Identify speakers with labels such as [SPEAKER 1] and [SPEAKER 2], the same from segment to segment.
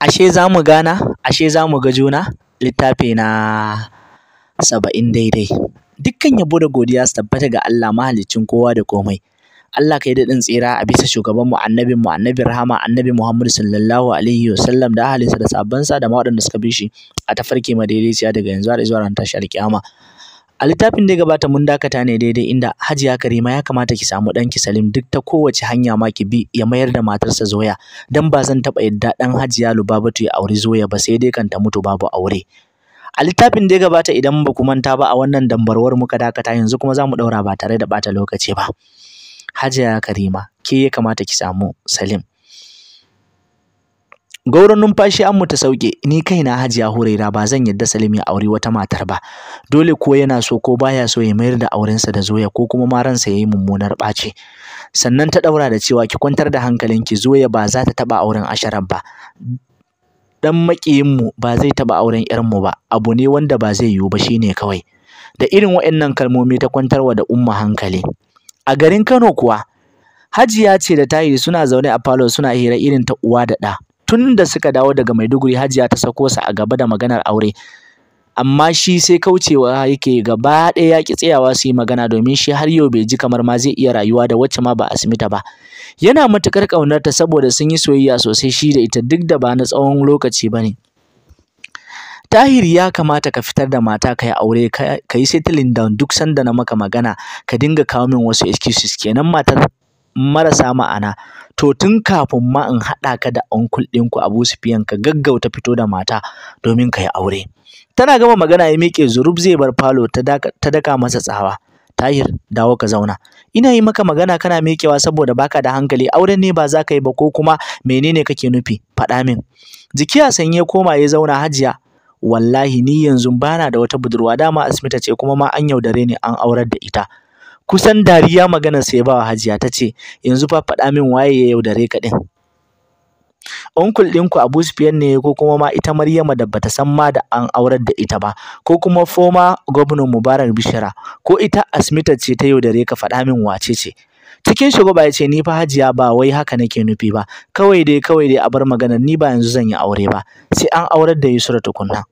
[SPEAKER 1] ashe za mu gana ashe za mu ga juna littafi na saba'in daidai dukkan yabo da godiya su tabbata ga Allah mahaliccin kowa da komai Allah kai daɗin tsira a bisa shugabanmu mu, annabin rahama annabi Muhammadu sallallahu alaihi wasallam da ahalinsa da sabbansa da waɗanda suka bi shi a tafarki madaidaiciya daga yanzu har zuwa ran tashar kiyama A littafin da ya gabata mun dakata ne daidai inda Hajiya Karima ya kamata ki samu ɗanki Salim duk ta kowace hanya ma ki bi ya mayar da matarsa Zoya dan ba zan taɓa yadda ɗan Hajiya Lubabatu ya auri Zoya ba sai dai kan ta mutu babu aure. A littafin da ya gabata idan ba ku manta ba a wannan dambarwar muka dakata yanzu kuma za mu ɗaura ba tare da ɓata lokaci ba. Hajiya Karima ke ya kamata ki samu Salim gauran numfashi an muta sauke ni kaina hajiya huraira ba zan yadda salim ya auri wata matar ba dole ko yana so ko baya so ya mayar da auren sa da zoya ko kuma ma ransa yayi mummunar bace sannan ta ɗaura da cewa ki kwantar da hankalinki zoya ba za ta taɓa auren asharar ba dan mu ba zai taba auren mu ba abu ne wanda ba zai yiwu ba shine kawai da irin waɗannan kalmomi ta kwantarwa da umma hankali a garin Kano kuwa Hajiya ce da tayi suna zaune a falo suna hira irin ta uwa da Da. tun da suka dawo daga Maiduguri Hajiya ta sako sa a gaba da maganar aure amma shi sai kaucewa yake gaba ɗaya ya ki tsayawa su yi magana domin shi har yau bai ji kamar ma zai iya rayuwa da wacce ma ba asibita ba yana matukar ƙaunarta saboda sun yi soyayya sosai shi da ita duk da ba na tsawon lokaci ba ne tahir ya kamata ka fitar da mata ka yi aure ka yi settling down duk sanda na maka magana ka dinga kawo min wasu excuses kenan matar marasa ma'ana to tun kafin ma in haɗa ka da uncle ɗinku Abu Sufyan ka gaggauta fito da mata domin ka yi aure tana gama magana ya miƙe zurub zai bar falo ta daka masa tsawa Tahir dawo ka zauna ina yi maka magana kana miƙewa saboda baka da hankali auren ne ba za ka yi ba ko kuma menene kake nufi faɗa min jiki a sanye koma ya zauna hajiya wallahi ni yanzu bana da wata budurwa dama asmita ce kuma ma an yaudare ni an aurar da ita kusan dariya maganar ya ba wa hajiya ta ce yanzu fa faɗa min waye ya yaudare ka ɗin onkul ɗinku abu sufiyan ne ko kuma ma ita maryama da bata san ma da an aurar da ita ba ko kuma foma gwamnan mubarak bishara ko ita asmita ce ta yaudare ka faɗa min wace ce cikin shugaba ya ce ni fa hajiya ba wai haka nake nufi ba kawai dai kawai dai a bar maganar ni ba yanzu zan yi aure ba sai an aurar da yusra tukunna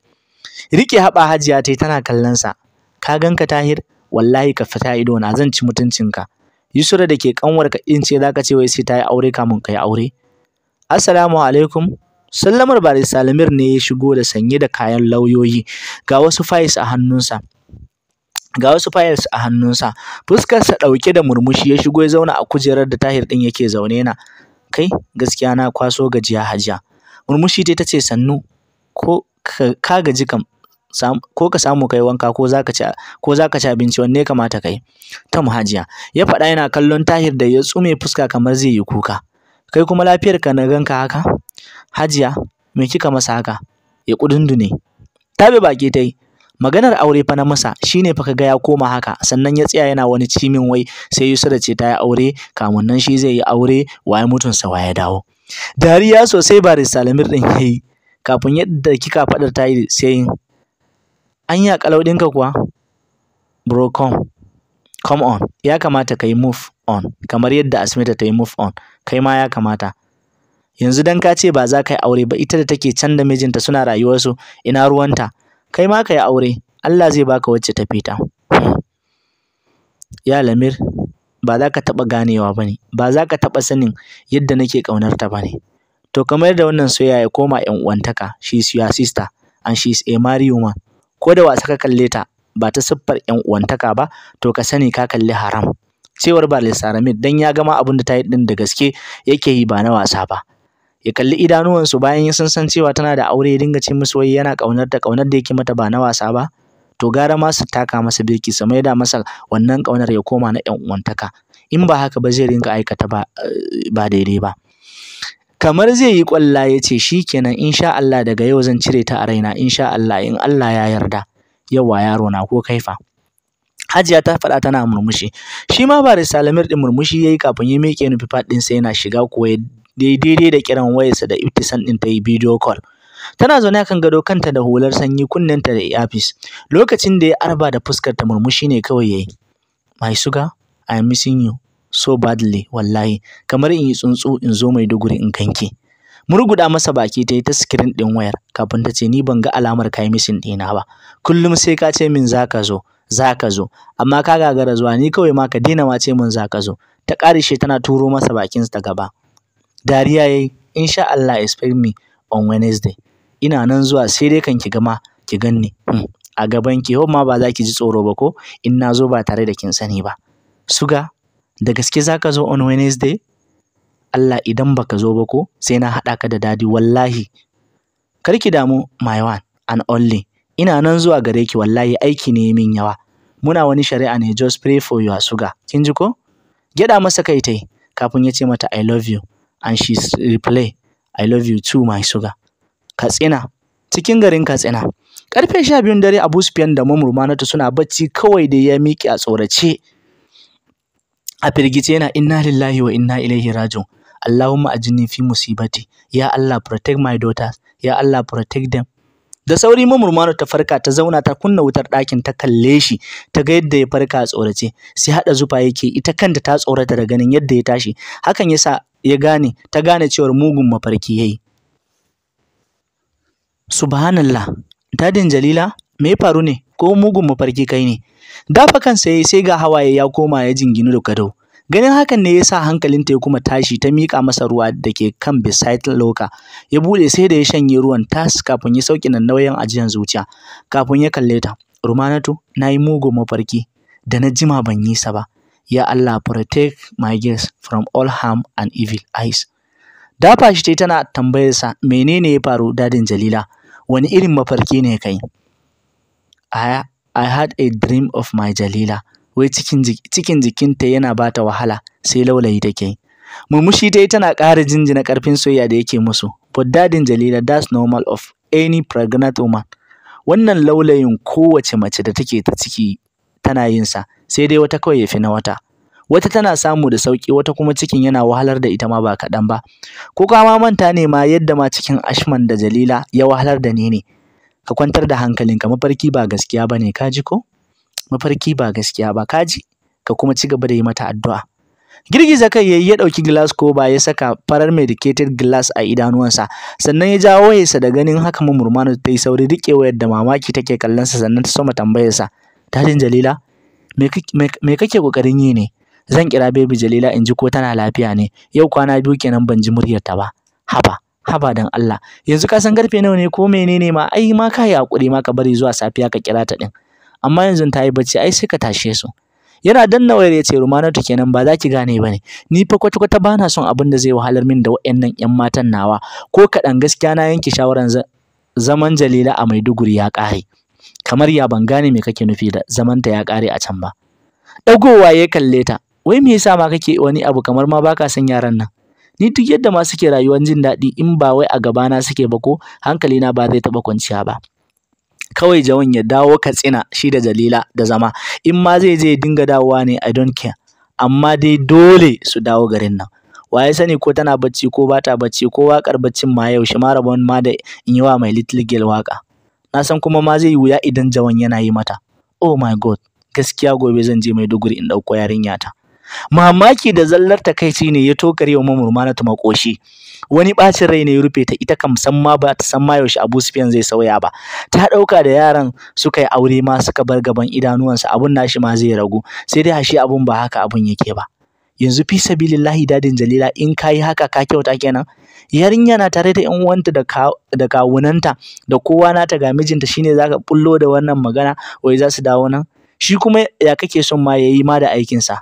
[SPEAKER 1] rike haɓa hajiya ta yi tana kallon sa ka ganka tahir wallahi ka fita ido na zan ci mutuncinka Yusra da ke kanwarka in ce zaka ce wai sai ta yi aure kamun ka yi aure Assalamu alaikum Sallamar Bari Salimir ne ya shigo da sanye da kayan lauyoyi ga wasu files a hannunsa ga wasu files a hannunsa fuskarsa ɗauke da murmushi ya shigo ya zauna a kujerar da Tahir ɗin yake zaune na kai gaskiya na kwaso gajiya hajiya murmushi dai tace sannu ko ka gaji kam ko ka samu kai wanka ko zaka ci ko zaka ci abinci wanne kamata kai tam hajiya ya faɗa yana kallon tahir da ya tsume fuska kamar zai yi kuka kai kuma lafiyar ka na ganka haka hajiya me kika masa haka ya kudundune tabe baki tai maganar aure fa na masa shine fa kaga ya koma haka sannan ya tsaya yana wani cimin wai sai da ce ta yi aure kamun nan shi zai yi aure waye mutunsa ya dawo dariya sosai ba risalamir din yayi kafin yadda kika fadar ta yi sai anya kalau ɗinka kuwa bro come on ya kamata ka yi move on kamar yadda Asmita ta yi move on kai ma ya kamata yanzu dan ka ce ba za ka yi aure ba ita da take can da mijinta suna rayuwarsu ina ruwanta kai ma ka yi aure Allah zai baka wacce ta fita ya lamir ba za ka taɓa ganewa ba ne ba za ka taɓa sanin yadda nake ƙaunarta ba ne to kamar da wannan soyayya ya koma ƴan uwantaka she is your sister and she is a married woman ko da wasa ka kalle ta ba ta siffar 'yan uwantaka ba to ka sani ka kalli haram cewar Balis Saramid dan ya gama abin da ta yi din da gaske yake yi ba na wasa ba ya kalli su bayan ya san cewa tana da aure ya dinga ce musu wai yana kaunar ta kaunar da yake mata ba na wasa ba to gara ma su taka masa birki su mai da masa wannan kaunar ya koma na 'yan uwantaka in ba haka ba zai rinka aikata eh, ba daidai ba kamar zai yi ƙwalla ya ce shi kenan insha Allah daga yau zan cire ta a raina insha Allah in Allah ya yarda yawa yaro na ko kaifa Hajiya ta faɗa tana murmushi shi ma ba Salamir din murmushi yayi kafin ya miƙe nufi faɗin sai yana shiga ko daidai da kiran wayarsa da Ibtisan ɗin ta yi bidiyo call tana zaune kan gado kanta da hular sanyi kunnenta da earpiece lokacin da ya arba da fuskar ta murmushi ne kawai yayi Mai suga, i am missing you so badly wallahi kamar in yi tsuntsu in zo mai duguri in kanki murguda masa baki ta yi ta screen din wayar kafin ta ce ni ban ga alamar kai misin dina ba kullum sai ka ce min zaka zo zaka zo amma ka gagara zuwa ni kawai ma ka daina ma ce min zaka zo ta karishe tana turo masa bakin ta gaba dariya yayi insha Allah expect me on Wednesday ina nan zuwa sai dai kan ki gama ki ganni hmm, a gaban ki ma ba za ki ji tsoro ba ko in na zo ba tare da kin sani ba suga da gaske za ka zo on Wednesday? Allah idan baka zo ba ko sai na haɗa ka da dadi wallahi. Karki damu my one and only. Ina nan zuwa gare ki wallahi aiki ne min yawa. Muna wani shari'a ne just pray for your sugar. Kin ji ko? Gyaɗa masa kai tai kafin ya ce mata I love you and she reply I love you too my sugar. Katsina cikin garin Katsina. Karfe sha biyun dare Abu Sufyan da Mamurmanatu suna bacci kawai da ya miƙe a tsorace. a firgice yana inna lillahi wa inna ilaihi raji'un Allahumma ajinni fi musibati ya Allah protect my daughters ya Allah protect them da sauri mamurmano ta farka ta zauna ta kunna wutar ɗakin ta kalle shi ta ga yadda ya farka a tsorace sai haɗa zufa yake ita kanta ta tsorata da ganin yadda ya tashi hakan yasa ya gane ta gane cewar mugun mafarki yayi subhanallah dadin jalila me ya faru ne ko mugun mafarki kai ne dafa kansa yayi sai ga hawaye ya koma ya jinginu da gado ganin hakan ne ya yasa hankalinta ya kuma tashi ta mika masa ruwa da ke kan beside loka ya bude sai da ya shanye ruwan tas kafin ya sauki nan nauyin ajiyan zuciya kafin ya kalle ta rumanatu nayi mugu mafarki da na jima ban yi sa ba ya Allah protect my girls from all harm and evil eyes dafa shi tana tambayar sa menene ya faru dadin Jalila wani irin mafarki ne kai aya I had a dream of my Jalila. Wai cikin jikin jikinta yana bata wahala sai laulayi take yi. Murmushi yi tana ƙara jinjina ƙarfin soyayya da yake musu. But dadin Jalila that's normal of any pregnant woman. Wannan laulayin kowace mace da take ta ciki tana yin sa sai dai wata kawai ya fi na wata. wata tana samu da sauki wata kuma cikin yana wahalar da ita ma ba kaɗan ba ko ka ma manta ne ma yadda ma cikin ashman da jalila ya wahalar da ni ne ka kwantar da hankalinka mafarki ba gaskiya ba ne ka ji ko mafarki ba gaskiya ba ka ka kuma ci gaba da yi mata addu'a girgiza kai yayi ya dauki glass ba ya saka farar medicated glass a idanuwansa sannan ya jawo wayarsa da ganin haka murmanu ta yi sauri rike wayar da mamaki take kallon sa sannan ta soma tambayarsa tajin jalila me kake kokarin yi ne zan kira baby jalila in ji ko tana lafiya ne yau kwana biyu kenan ban ji muryarta ba haba haba dan Allah yanzu ka san karfe nawa ne ko menene ma ai ma ka yi hakuri ma ka bari zuwa safiya ka kira ta din amma yanzu ta yi bacci ai sai ka tashe su yana danna wayar ya ce ta kenan ba za ki gane ba ne ni fa kwata kwata bana son abin da zai wahalar min da waɗannan 'yan matan nawa ko kaɗan gaskiya na yanke shawaran zaman Jalila a Maiduguri ya kare kamar ya ban gane me kake nufi da ta ya kare a can ba dagowa ya kalle ta wai me yasa ma kake wani abu kamar ma baka son yaran nan ni duk yadda ma suke rayuwar jin daɗi in ba wai a gabana suke ba ko hankalina ba zai taɓa kwanciya ba kawai jawan ya dawo katsina shi da jalila da zama in ma zai je dinga dawowa ne i don't care amma dai dole su dawo garin nan waye sani ko tana bacci ko ba ta bacci ko wakar baccin ma yaushe ma rabon ma da in yi wa mai little girl waka na san kuma ma zai yi wuya idan jawan yana yi mata oh my god gaskiya gobe zan je maiduguri in ɗauko yarinya ta mamaki da zallar takaici ne ya tokare wa mamurmana ta makoshi wani bacin rai ne ya rufe ta ita kam san ma ba ta san ma yaushe Abu Sufyan zai sauya ba ta dauka da yaran suka yi aure ma suka bar gaban idanuwansa abun nashi ma zai ragu sai dai ashe abun ba haka abun yake ba yanzu fi sabilillahi dadin Jalila in kayi haka ka kyauta kenan yarinya na tare da yan uwanta da da kawunanta da kowa nata ga mijinta shine zaka bullo da wannan magana wai za su dawo nan shi kuma ya kake son ma yayi ma da aikin sa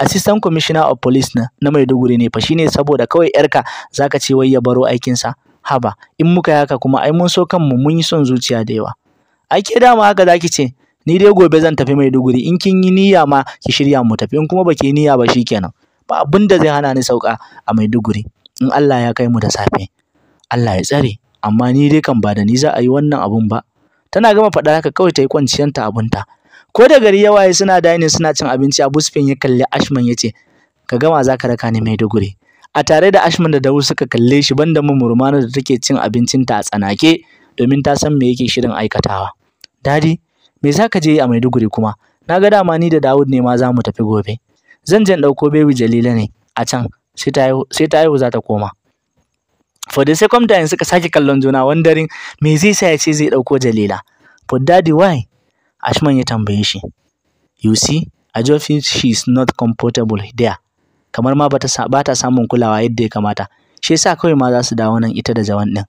[SPEAKER 1] assistant commissioner of police na, na Maiduguri ne fa shine saboda kawai yarka zaka ce wai ya baro aikin sa haba in muka haka kuma ai mun so kanmu mun yi son zuciya da yawa ai ke dama haka zaki ce ni dai gobe zan tafi Maiduguri in kin yi niyya ma ki shirya mu tafi in kuma baki niyya ba shikenan ba abin da zai hana ni sauka a Maiduguri in Allah ya kai mu da safe Allah ya tsare amma ni dai kan ba da ni za a yi wannan abun ba tana gama faɗa haka kawai ta yi kwanciyanta abunta ko da gari ya waye suna dining suna cin abinci abu ya kalli ashman yace ka gama za ka raka ni maiduguri a tare da ashman da dawu suka kalle shi banda mu murmana da take cin abincinta a tsanake domin ta san me yake shirin aikatawa dadi me za ka je a maiduguri kuma na ga dama ni da dawud ne ma za mu tafi gobe zan jan ɗauko bebi jalila ne a can sai ta haihu za ta koma for the second time suka sake kallon juna wondering me zai sa ya ce zai ɗauko jalila for daddy why Ashman ya tambaye shi, you see, I just feel she is not comfortable there. Kamar ma ba ta samun kulawa yadda ya kamata. Shi yasa kawai ma za su dawo nan ita da zawan ɗin.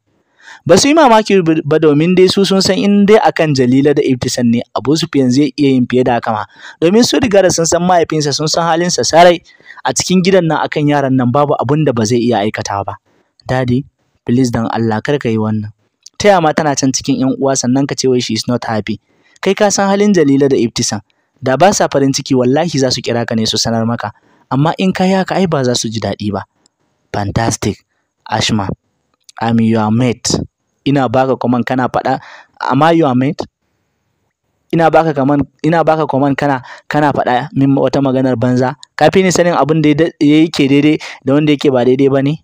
[SPEAKER 1] Ba su yi mamaki ba domin dai su sun san in dai akan Jalila da Ibtisan ne Abu Sufyan zai iya yin fiye da haka ma. Domin su riga da sun san mahaifinsa sun san halin sa sarai a cikin gidan nan akan yaran nan babu abun da ba zai iya aikata ba. Dadi? please dan Allah kar ka yi wannan. Taya ma tana can cikin 'yan uwa sannan ka ce wai she is not happy. kai ka san halin Jalila da Ibtisam da ba sa farin ciki wallahi za su kira ka ne su sanar maka amma in ka yi haka ai ba za su ji daɗi ba fantastic Ashma I'm your mate ina baka command kana faɗa am I your mate ina baka kaman ina baka command kana kana faɗa min wata maganar banza ka fi ni sanin abin da yake daidai da wanda yake ba daidai ba ne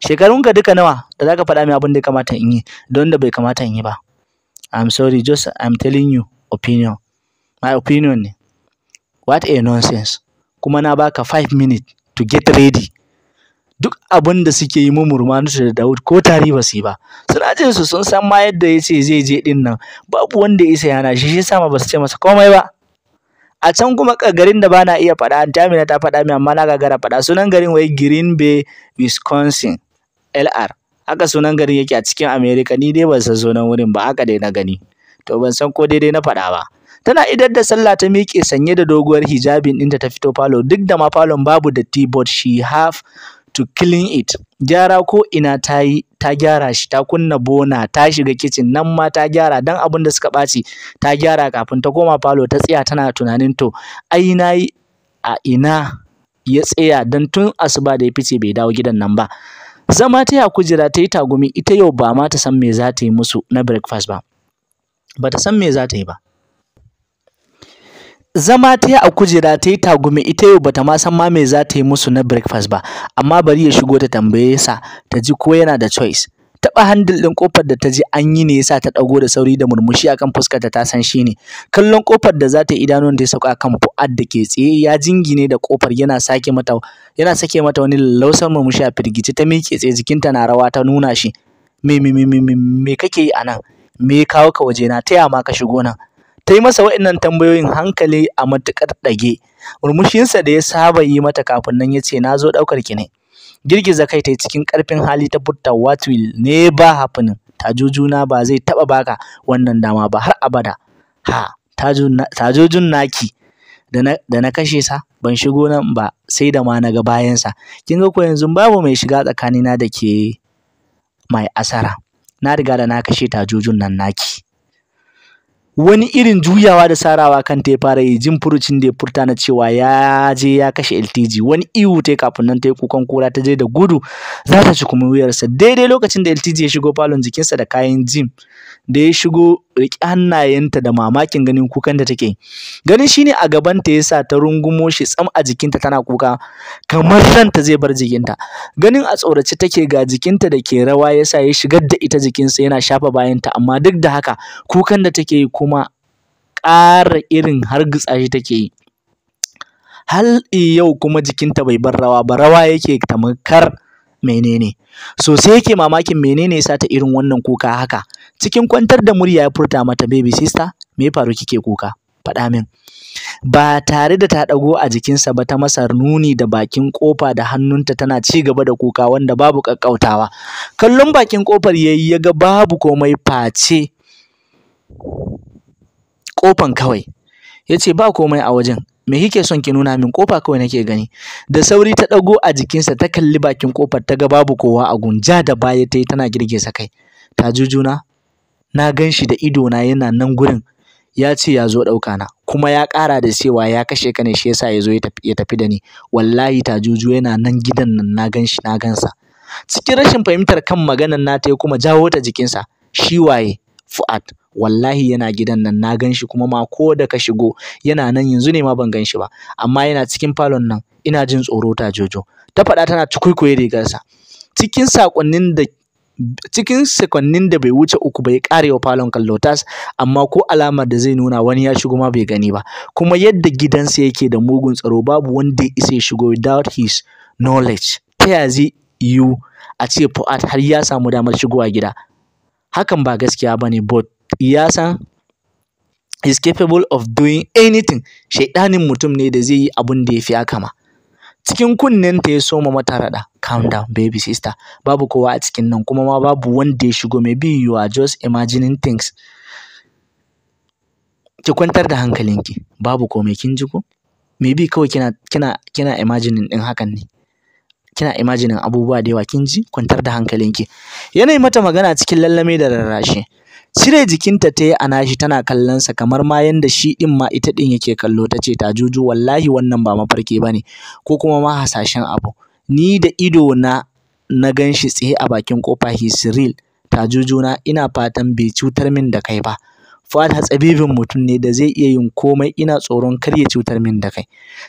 [SPEAKER 1] shekarunka duka nawa da zaka faɗa min abin da ya kamata in yi da wanda bai kamata in yi ba I'm sorry, just I'm telling you opinion. My opinion ne. What a nonsense. Kuma na baka five minutes to get ready. Duk abin da suke yi mun murmanu da Dawud ko tari ba su ba. Suna jin su sun san ma yadda ya ce zai je din nan. Babu wanda ya isa yana shi shi ba su ce masa komai ba. A can kuma garin da bana iya faɗa an tamina ta faɗa min amma na gagara faɗa sunan garin wai Green Bay, Wisconsin. LR. haka sunan garin yake a cikin America ni dai ban san sunan wurin ba aka dai na gani to ban san ko daidai na faɗa ba tana idar da sallah ta miƙe sanye da doguwar hijabin ɗinta ta fito falo duk da ma falon babu datti but she have to clean it gyara ko ina ta yi ta gyara shi ta kunna bona ta shiga kicin nan ma ta gyara dan abin da suka ɓaci ta gyara kafin ta koma falo ta tsaya tana tunanin to ai na yi a ina ya tsaya dan tun asuba da ya fice bai dawo gidan nan ba zama ta ya kujera ta yi tagumi ita yau ba ma ta san me za ta yi musu na breakfast ba ba ta san me za ta yi ba zama ta yi a kujera ta yi tagumi ita yau bata ma san ma me za ta yi musu na breakfast ba amma bari ya shigo ta tambaye sa ta ji ko yana da choice taɓa handle ɗin ƙofar da ta ji an yi ne yasa ta ɗago da sauri da murmushi akan fuskar ta san shi ne kallon ƙofar da za ta yi idanun ta sauka kan fu'ad da ke tsaye ya jingine da ƙofar yana sake mata yana sake mata wani lausar murmushi a firgice ta miƙe tsaye jikinta na rawa ta nuna shi me me me me me kake yi anan me ya kawo ka waje na taya ma ka shigo nan ta yi masa waɗannan tambayoyin hankali a matuƙar ɗage murmushinsa da ya saba yi mata kafin nan ya ce na zo ɗaukar ki ne girgiza kai ta cikin karfin hali ta butta what will never happen tajojuna ba zai taba baka wannan dama ba har abada ha tajojun naki da na kashe sa ban shigo nan ba sai da ma na ga bayansa kin ga ko yanzu babu mai shiga tsakanina da ke mai asara na riga da na kashe tajojun nan naki wani irin juyawa da sarawa kanta ya fara yi jin furucin da ya furta na cewa ya je ya kashe LTG wani ihu ta kafin nan ta yi kukan kura ta je da gudu za ta ci kuma wuyarsa daidai lokacin da LTG ya shigo falon jikinsa da kayan jim da ya shigo riƙe hannayenta da mamakin ganin kukan da take ganin shine a gabanta yasa ta rungumo shi tsam a jikinta tana kuka kamar ranta zai bar jikinta ganin a tsorace take ga jikinta da ke rawa yasa ya shigar da ita jikinsa yana shafa bayanta amma duk da haka kukan da take yi kuma ƙara irin hargitsa shi take yi hal yau kuma jikinta bai bar rawa ba rawa yake tamkar menene so sai yake mamakin menene yasa ta irin wannan kuka haka cikin kwantar da murya ya furta mata baby sister me faru kike kuka faɗa min ba tare da ta ɗago a jikinsa ba ta masa nuni da bakin ƙofa da hannunta tana ci gaba da kuka wanda babu ƙaƙƙautawa kallon bakin ƙofar yayi ya ga babu komai face ƙofan kawai ya ce ba komai a wajen me kike son ki nuna min ƙofa kawai nake gani da sauri ta ɗago a jikinsa ta kalli bakin ƙofar ta ga babu kowa a gunja da baya ta yi tana girgiza kai ta jujuna na gan shi da idona yana nan gurin ya ce ya zo ɗauka na kuma ya ƙara da cewa ya kashe ka ne shi yasa ya zo ya tafi da ni wallahi tajuju yana nan gidan nan na gan shi na gansa cikin rashin fahimtar kan maganar nata ya kuma jawo ta jikinsa shi waye fu'ad wallahi yana gidan nan na gan shi kuma ma ko da ka shigo yana nan yanzu ne ma ban gan shi ba amma yana cikin falon nan ina jin tsoro ta jojo ta faɗa tana cikuikuye rigarsa cikin sakonnin da cikin sekonnin da bai wuce uku bai kare wa falon kallo tas amma ko alamar da zai nuna wani ya shigo ma bai gani ba kuma yadda gidansa yake da mugun tsaro babu wanda ya isa ya shigo without his knowledge ta ya zai yiwu a ce Fuad har ya samu damar shigowa gida hakan ba gaskiya ba ne, but ya san is capable of doing anything shaidanin mutum ne da zai yi abun da ya fi haka ma cikin ta ya soma mata raɗa calm down baby sister babu kowa a cikin nan kuma ma babu wanda ya shigo maybe you are just imagining things ki kwantar da hankalinki babu komai kin ji ko maybe kawai kina kina kina imagining din hakan ne kina imagining abubuwa da yawa kin ji kwantar da hankalinki yanayi mata magana cikin lallame da rarrashi cire jikinta ta yi a nashi tana kallon sa kamar ma yanda shi ɗin ma ita ɗin yake kallo ta ce ta tajuju wallahi wannan ba mafarki bane ko kuma ma hasashen abu ni da ido na na ganshi tsaye a bakin kofa he ta tajuju na ina fatan bai cutar min da kai ba Fuad hatsabibin mutum ne da zai iya yin komai ina tsoron kar ya cutar min da kai.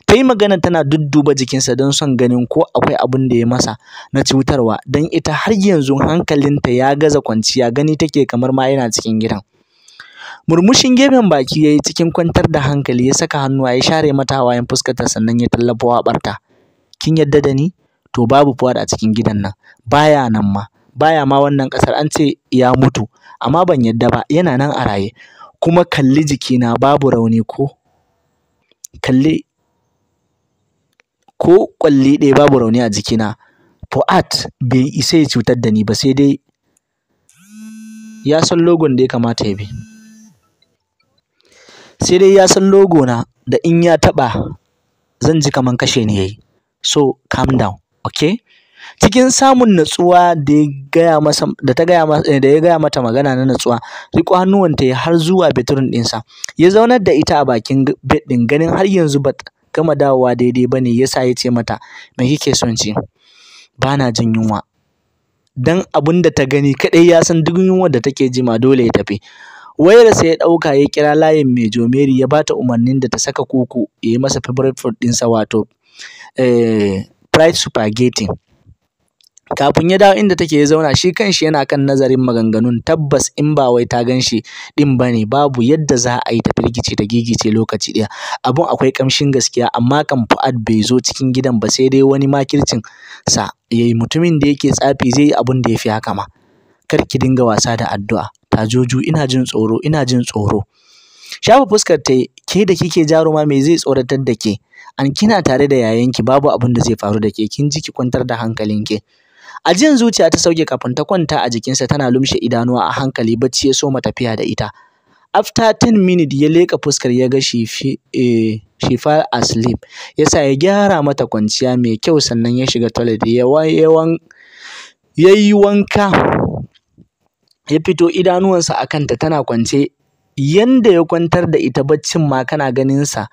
[SPEAKER 1] Ta yi magana tana dudduba jikinsa don son ganin ko akwai abin da ya masa na cutarwa don ita har yanzu hankalinta ya gaza kwanciya gani take kamar ma yana cikin gidan. Murmushin gefen baki ya yi cikin kwantar da hankali ya saka hannuwa ya share mata hawayen fuskata sannan ya tallafo barta. Kin yadda da ni? To babu Fuad a cikin gidan nan, baya nan ma, baya ma wannan ƙasar an ce ya mutu. amma ban yadda ba yana nan a raye kuma kalli jikina babu rauni ko kalli ko kwalli ɗaya babu rauni a jikina Fu'ad bai isa ya cutar da ni ba sai dai ya san logon da ya kamata ya bi sai dai ya san logo na da in ya taɓa zan ji kaman kashe ya yi, so calm down okay Cikin samun natsuwa da ya gaya ta gaya masa eh, da ya gaya mata magana na natsuwa, riƙo hannuwanta ya har zuwa bedroom ɗinsa. Ya zaunar da ita a bakin bed ɗin ganin har yanzu ba gama dawowa daidai ba ne ya ya ce mata, me kike son ci? Bana jin yunwa. Dan abin da ta gani kaɗai ya san duk yunwa da take jima, dole ya tafi. Wayarsa ya ɗauka ya kira layin mai jomeri ya bata umarnin da ta saka koko ya yi masa favorite food ɗinsa wato eh, fried spaghetti. kafin ya dawo inda take ya zauna shi kanshi yana kan nazarin maganganun tabbas in ba wai ta gan shi ɗin ba ne babu yadda za a yi ta firgice ta gigice lokaci ɗaya abun akwai kamshin gaskiya amma kan fu'ad bai zo cikin gidan ba sai dai wani makircin sa yayi mutumin da yake tsafi zai yi abun da ya fi haka ma kar ki dinga wasa da addu'a tajoju ina jin tsoro ina jin tsoro shafa fuskar ta ke da kike jaruma me zai tsoratar da ke an kina tare da yayanki babu abin da zai faru da ke kin ji ki kwantar da hankalinki A jin zuciya ta sauke kafin ta kwanta a jikinsa tana lumshe idanuwa a hankali bacci ya soma tafiya da ita. After 10 minutes ya leka fuskar ya ga shifa eh, asleep. Ya sa ya gyara mata kwanciya mai kyau sannan ya shiga toilet ya yi wanka ya fito idanuwansa a kanta tana kwance yanda ya kwantar da ita baccin ma kana ganinsa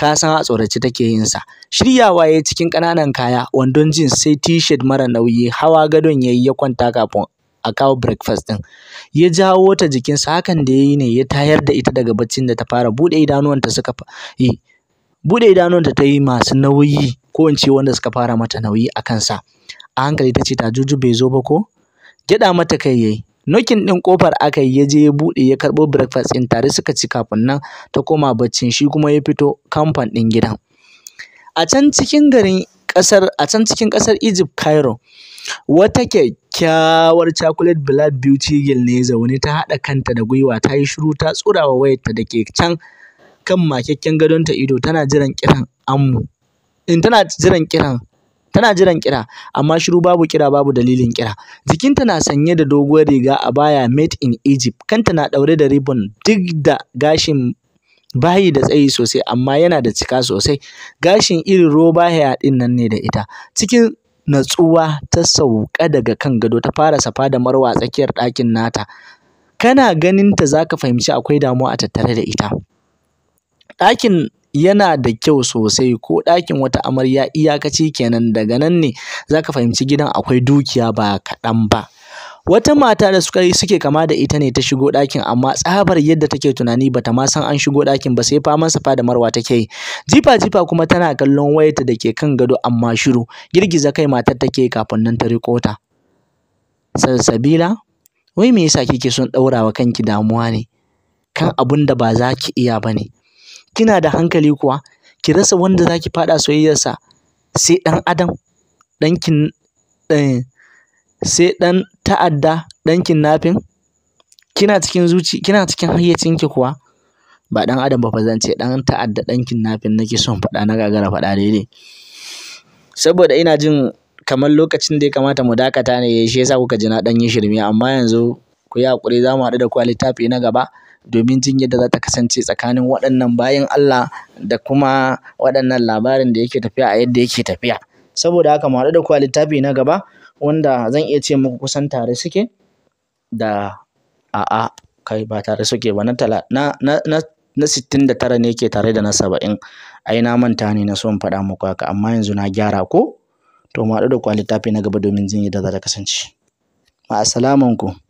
[SPEAKER 1] ka san a tsorace take yin sa shiryawa yayi cikin ƙananan kaya wandon jeans sai t-shirt mara nauyi hawa gadon yayi ya kwanta kafin a kawo breakfast ɗin. ya jawo ta jikinsa hakan da yayi ne ya tayar da ita daga baccin da ta fara bude idanuwanta suka yi bude idanuwanta ta yi masu nauyi ko in ce wanda suka fara mata nauyi a kansa a hankali ta ce ta juju bai zo ba ko gyaɗa mata kai yayi nokin ɗin ƙofar aka yi ya je ya buɗe ya karɓo breakfast ɗin tare suka ci kafin nan ta koma baccin shi kuma ya fito kamfan ɗin gidan a can cikin garin ƙasar a can cikin ƙasar Egypt Cairo wata kyakkyawar chocolate black beauty girl ne zaune ta haɗa kanta da gwiwa ta yi shiru ta wa wayarta da ke can kan makakken gadonta ido tana jiran kiran ammu in tana jiran kiran tana jiran kira amma shiru babu kira babu dalilin kira jikinta na sanye da doguwar riga a baya made in Egypt kanta na daure da ribbon duk da gashin bayi da tsayi sosai amma yana da cika sosai gashin irin roba hair din nan ne da ita cikin natsuwa ta sauka daga kan gado ta fara safa da marwa a tsakiyar ɗakin nata kana ganinta zaka fahimci akwai damuwa a tattare da ita ɗakin yana da kyau sosai ko ɗakin wata amarya iyakaci kenan daga nan ne za ka fahimci gidan akwai dukiya ba kaɗan ba. Wata mata da suka yi suke kama da ita ne ta shigo ɗakin amma tsabar yadda take tunani bata ma san an shigo ɗakin ba sai faman safa da marwa take yi. Jifa jifa kuma tana kallon wayarta da ke kan gado amma shiru girgiza kai matar take kafin nan ta riƙo ta. Salsabila wai me yasa kike son ɗaura wa kanki damuwa ne kan abun da ba za ki iya ba ne. kina da hankali kuwa ki rasa wanda zaki ki faɗa soyayyarsa sai ɗan adam ɗankin eh, sai ɗan ta'adda ɗan kidnapping kina cikin zuci kina cikin hayyacinki kuwa ba ɗan adam ba fa zan ce ɗan ta'adda ɗan kidnapping nake son faɗa na gagara faɗa daidai saboda ina jin kamar lokacin da ya kamata mu dakata ne shi yasa kuka ji na ɗan yi shirme amma yanzu ku yi haƙuri zamu haɗu da ku a littafi na gaba domin jin yadda za ta kasance tsakanin waɗannan bayan Allah da kuma waɗannan labarin da yake tafiya a yadda yake tafiya. Saboda haka mu haɗu da kuwa littafi na gaba wanda zan iya ce muku kusan tare suke da a'a kai ba tare suke ba na tala na na na na sittin da tara ne ke tare da na saba'in ai na manta ne na so in faɗa muku haka amma yanzu na gyara ko to mu haɗu da kuwa littafi na gaba domin jin yadda za ta kasance. Ma'asalamanku.